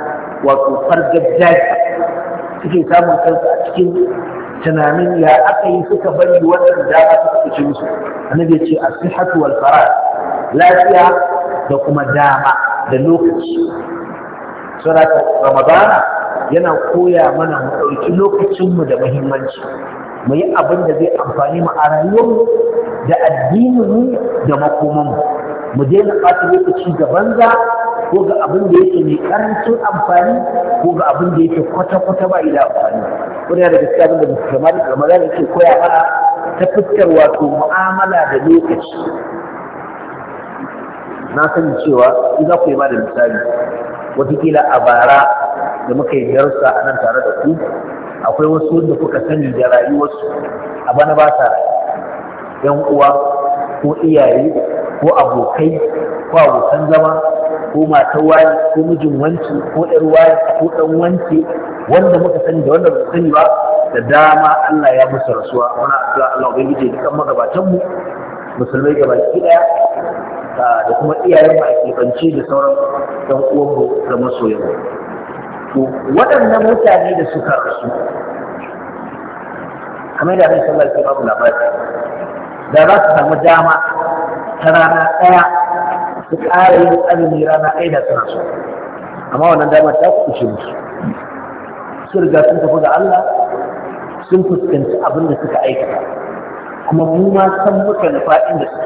wato fargajaji suke samun kansu a cikin tunanin ya aka yi suka bari wannan dama suka fice musu annabi ce as-sihhatu wal farah lafiya da kuma dama da lokaci saboda ramadana yana koya mana mu ɗauki lokacinmu da muhimmanci mu yi abin da zai amfani mu a rayuwarmu da addininmu da makomanmu mu daina ɓata lokaci ga banza ko ga abin da yake mai ƙarancin amfani ko ga abin da yake kwata-kwata ba da amfani kuna yana da gaskiya abin da musulman yake koya mana ta fuskar wato mu'amala da lokaci na sani cewa in za ku yi ba da misali watakila a bara da muka yi darussa a nan tare da ku akwai wasu wanda kuka sani da rayuwarsu a bana ba sa yan uwa ko iyaye ko abokai ko abokan zama ko matar wani ko mijin wanci ko ɗan wani ko ɗan wanci wanda muka sani da wanda muka sani ba da dama Allah ya musu rasuwa wani addu'a Allah ubangiji da kan magabatan mu musulmai gabaki ɗaya da kuma iyayen mu a kebance da sauran ɗan uwan mu da masoyan mu waɗannan mutane da suka rasu kamar da mai sallar ke babu labari da za su samu dama ta rana ɗaya su ƙara yin azumi rana ɗaya da suna so amma wannan damar ta kuce musu sun riga sun tafi ga Allah sun fuskanci abin da suka aikata kuma mu ma san muka nufa inda su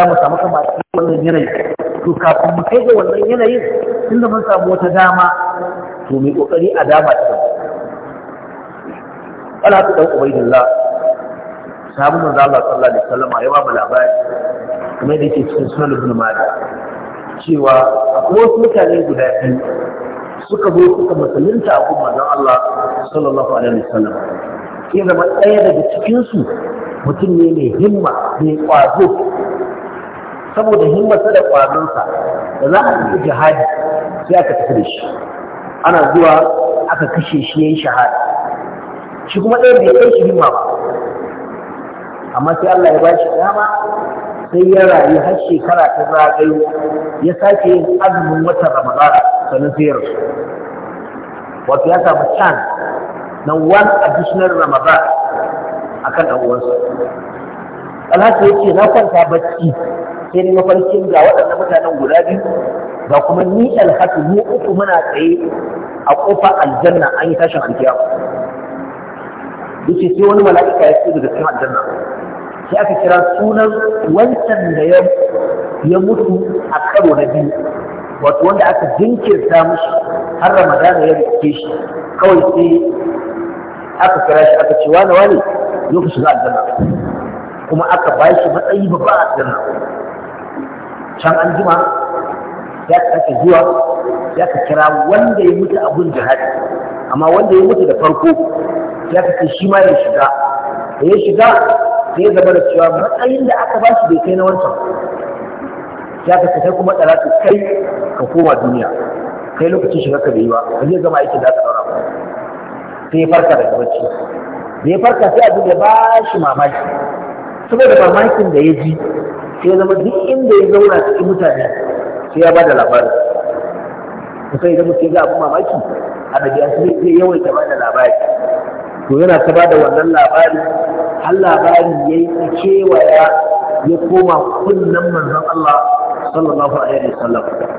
za mu samu kama wannan yanayi to kafin mu kai ga wannan yanayin inda mun samu wata dama to mai kokari a dama ta ala ta dan ubaidillah sabu manzo Allah sallallahu alaihi wasallam ya ba mu labari kuma da yake cikin sunan ibn majah cewa akwai wasu mutane guda biyu suka zo suka musulunta a kuma manzon Allah sallallahu alaihi wasallam sai zama ɗaya daga cikinsu mutum ne mai himma mai ƙwazo saboda himmarsa da ƙwararsa da za a yi jihadi sai aka tafi da shi ana zuwa aka kashe shi yayin shahara. shahada shi kuma ɗaya bai kai shi himma ba amma sai Allah ya ba shi dama sai ya rayu har shekara ta zagayo ya sake yin azumin watan ramadana sannan sai ya rasu wato ya samu can na one additional ramadan akan ɗan uwansa ya yake na kwanta bacci sai ne mafarkin ga waɗannan mutanen guda biyu ga kuma ni alhaki mu uku muna tsaye a ƙofa aljanna an yi tashin alkiya yace sai wani mala'ika ya ce daga cikin aljanna sai aka kira sunan wancan da ya ya mutu a karo na biyu wato wanda aka jinkirta mushi har ramadana ya rike shi kawai sai aka kira shi aka ce wani yau ka shiga aljanna kuma aka ba shi matsayi babba a aljanna can an jima ya ka zuwa ya ka kira wanda ya mutu a gun jihadi amma wanda ya mutu da farko ya ka ce shi ma ya shiga da ya shiga sai zama da cewa matsayin da aka ba shi bai kai na wancan ya ka kai kuma su kai ka koma duniya kai lokacin shiga ka bai ba Ka zai zama aikin da aka ɗaura ba sai ya farka daga bacci da ya farka sai abin da ba shi mamaki saboda mamakin da ya ji sai zama duk inda ya zauna cikin mutane sai ya bada labari sai idan mutum ga abin mamaki a da biya sai zai yawaita bada labari to yana ta bada wannan labari har labari ya yi kewaya ya koma kunnen manzon Allah sallallahu alaihi wasallam sallam.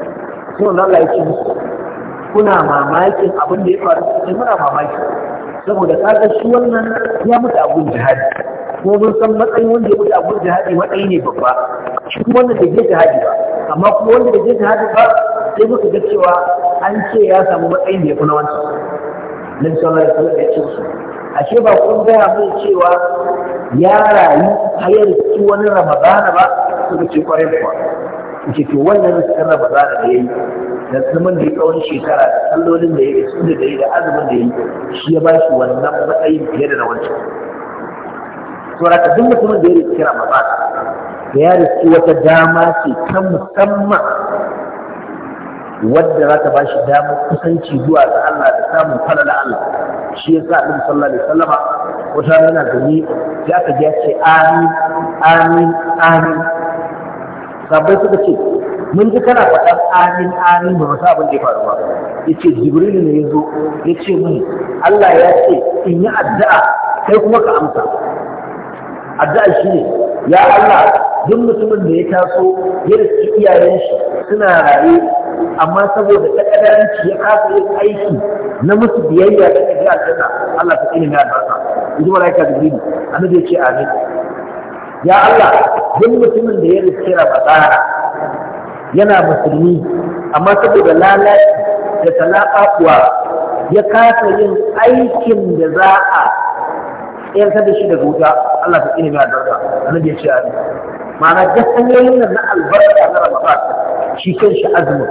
wannan Allah ya musu kuna mamakin abin da ya faru sai muna mamaki saboda kaga shi wannan ya mutu abun jihadi ko mun san matsayin wanda ya mutu a jihadi matsayi ne babba shi kuma wanda da je jihadi ba amma kuma wanda da je jihadi ba sai muka ga cewa an ce ya samu matsayin da ya kuna wancan nan sai da kuma ya ce su ashe ba kun gaya mai cewa ya rayu hayar ki wani ramadana ba suka ce kwarai kuwa ce to wannan rikicin ramadana da ya yi da zaman da ya tsawon shekara da sallolin da ya yi da da da azumin da ya yi shi ya ba shi wannan matsayin fiye da na wancan saurata duk mutumin da ya riski ramadan da ya riski wata dama ce ta musamman wadda za ta ba shi kusanci zuwa ga Allah da samun falala Allah shi ya sa ɗin sallah da sallama wata nuna gani da aka ji ce amin amin amin sabai suka ce mun ji kana faɗan amin amin ba masu abin da ya faru ba ya ce jibrilu ne ya zo ya ce mun Allah ya ce in yi addu'a kai kuma ka amsa addu'a ne, ya Allah duk mutumin da ya taso ya riski iyayen shi suna raye amma saboda takadaranci ya kasa yin aiki na musu biyayya da kaji aljanna Allah ta tsine na albarka idan malaika jibril annabi ya ce amin ya Allah duk mutumin da ya riski ramadan yana musulmi amma saboda lalaci da talaqa ya kasa yin aikin da za a yantar da shi daga wuta Allah ta tsine a albarka annabi ya ce amin ma'ana duk hanyoyin nan na albarka na ramadan shi kan shi azumin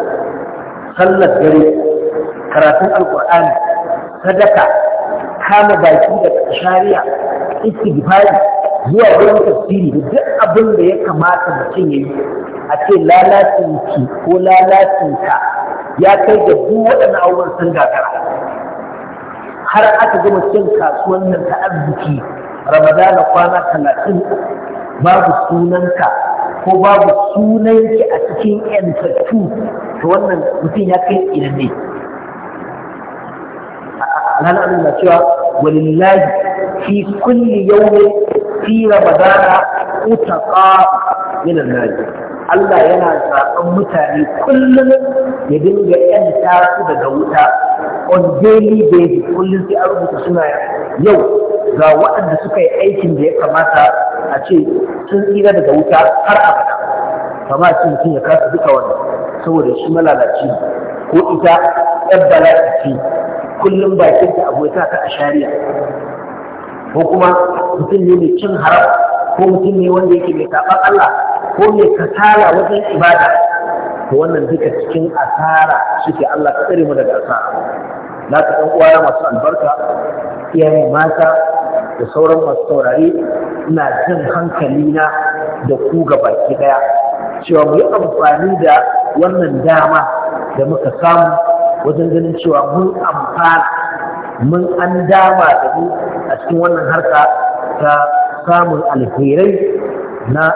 sallar dare karatun alqur'ani sadaka kama baki da shari'a istighfari zuwa wurin tafsiri da duk abin da ya kamata mutum ya yi a ce ki ko ka ya kai da duk waɗannan abubuwan sun gagara har aka gama cin kasuwan ta arziki ramadana kwana talatin babu sunanka ko babu sunanki a cikin yantattu to wannan mutum ya kai idan ne alhali abin na cewa walillahi fi kulli yawmi fi ramadana utaqa min an Allah yana zaɓen mutane kullum ya dinga 'yan tasu daga wuta on daily basis kullum sai an rubuta suna yau ga waɗanda suka yi aikin da ya kamata a ce sun tsira daga wuta har abada kama ce mutum ya kasa duka wani saboda shi malalaci ko ita yan bala'i ce kullum bakin ta abu ta ta a shari'a ko kuma mutum ne mai cin haram ko mutum ne wanda yake mai saɓan Allah ko mai kasala wajen ibada to wannan duka cikin asara suke Allah ka tsare mu daga asara na ta ɗan uwana masu albarka iyaye mata da sauran masu taurari ina jin hankali na da ku ga baki ɗaya cewa mu yi amfani da wannan dama da muka samu wajen ganin cewa mun amfana mun an dama da mu a cikin wannan harka ta samun alherai na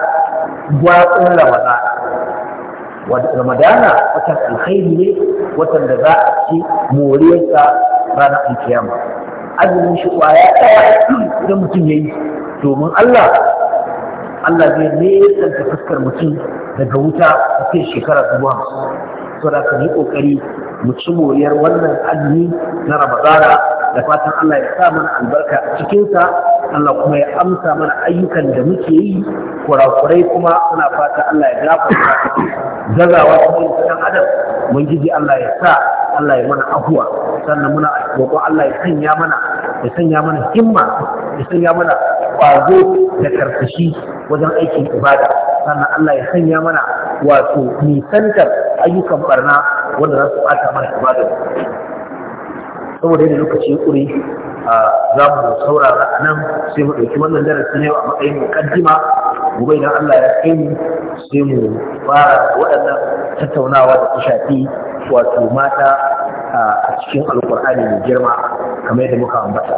gwatsun ramadana ramadana watan alkhairi ne watan da za a ci moriyarsa ranar alkiyama azumin shi ya ɗaya idan mutum ya yi domin Allah Allah zai nesanta fuskar mutum daga wuta a cikin shekara zuwa so da ka yi ƙoƙari mu ci moriyar wannan azumi na ramadana da fatan Allah ya sa mana albarka a cikinsa Allah kuma ya amsa mana ayyukan da muke yi kurakurai kuma suna fata Allah ya gafarta gazawa cikin ɗan adam mun gidi Allah ya sa Allah ya mana afuwa sannan muna roƙo Allah ya sanya mana ya sanya mana himma ya sanya mana ƙwazo da karkashi wajen aikin ibada sannan Allah ya sanya mana wato nisantar ayyukan barna wanda za su ɓata mana ibada saboda yadda lokaci ya ƙure za mu saurara a nan sai mu ɗauki wannan darasi ne a matsayin mukaddima gobe idan Allah ya kai mu sai mu fara waɗannan tattaunawa da ta shafi wato mata a cikin alƙur'ani mai girma kamar yadda muka ambata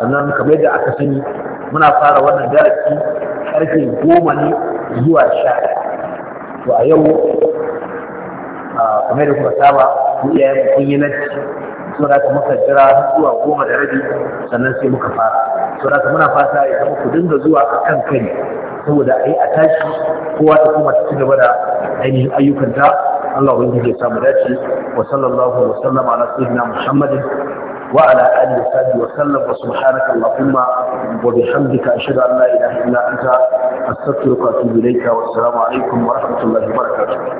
sannan kamar yadda aka sani muna fara wannan darasi ƙarfe goma ne zuwa sha to a yau kamar da kuma saba mu iyayen kun yi nacci saboda haka muka jira zuwa goma da rabi sannan sai muka fara saboda muna fata ya zama ku dinga zuwa a kan kari saboda a yi a tashi kowa ta kuma ta ci gaba da ainihin ayyukanta Allah wani ya samu dace wa sallallahu wa sallama ala sayyidina Muhammadin وعلى آله وصحبه وسلم وسبحانك اللهم وبحمدك أشهد أن لا إله إلا أنت أستغفرك وأتوب إليك والسلام عليكم ورحمة الله وبركاته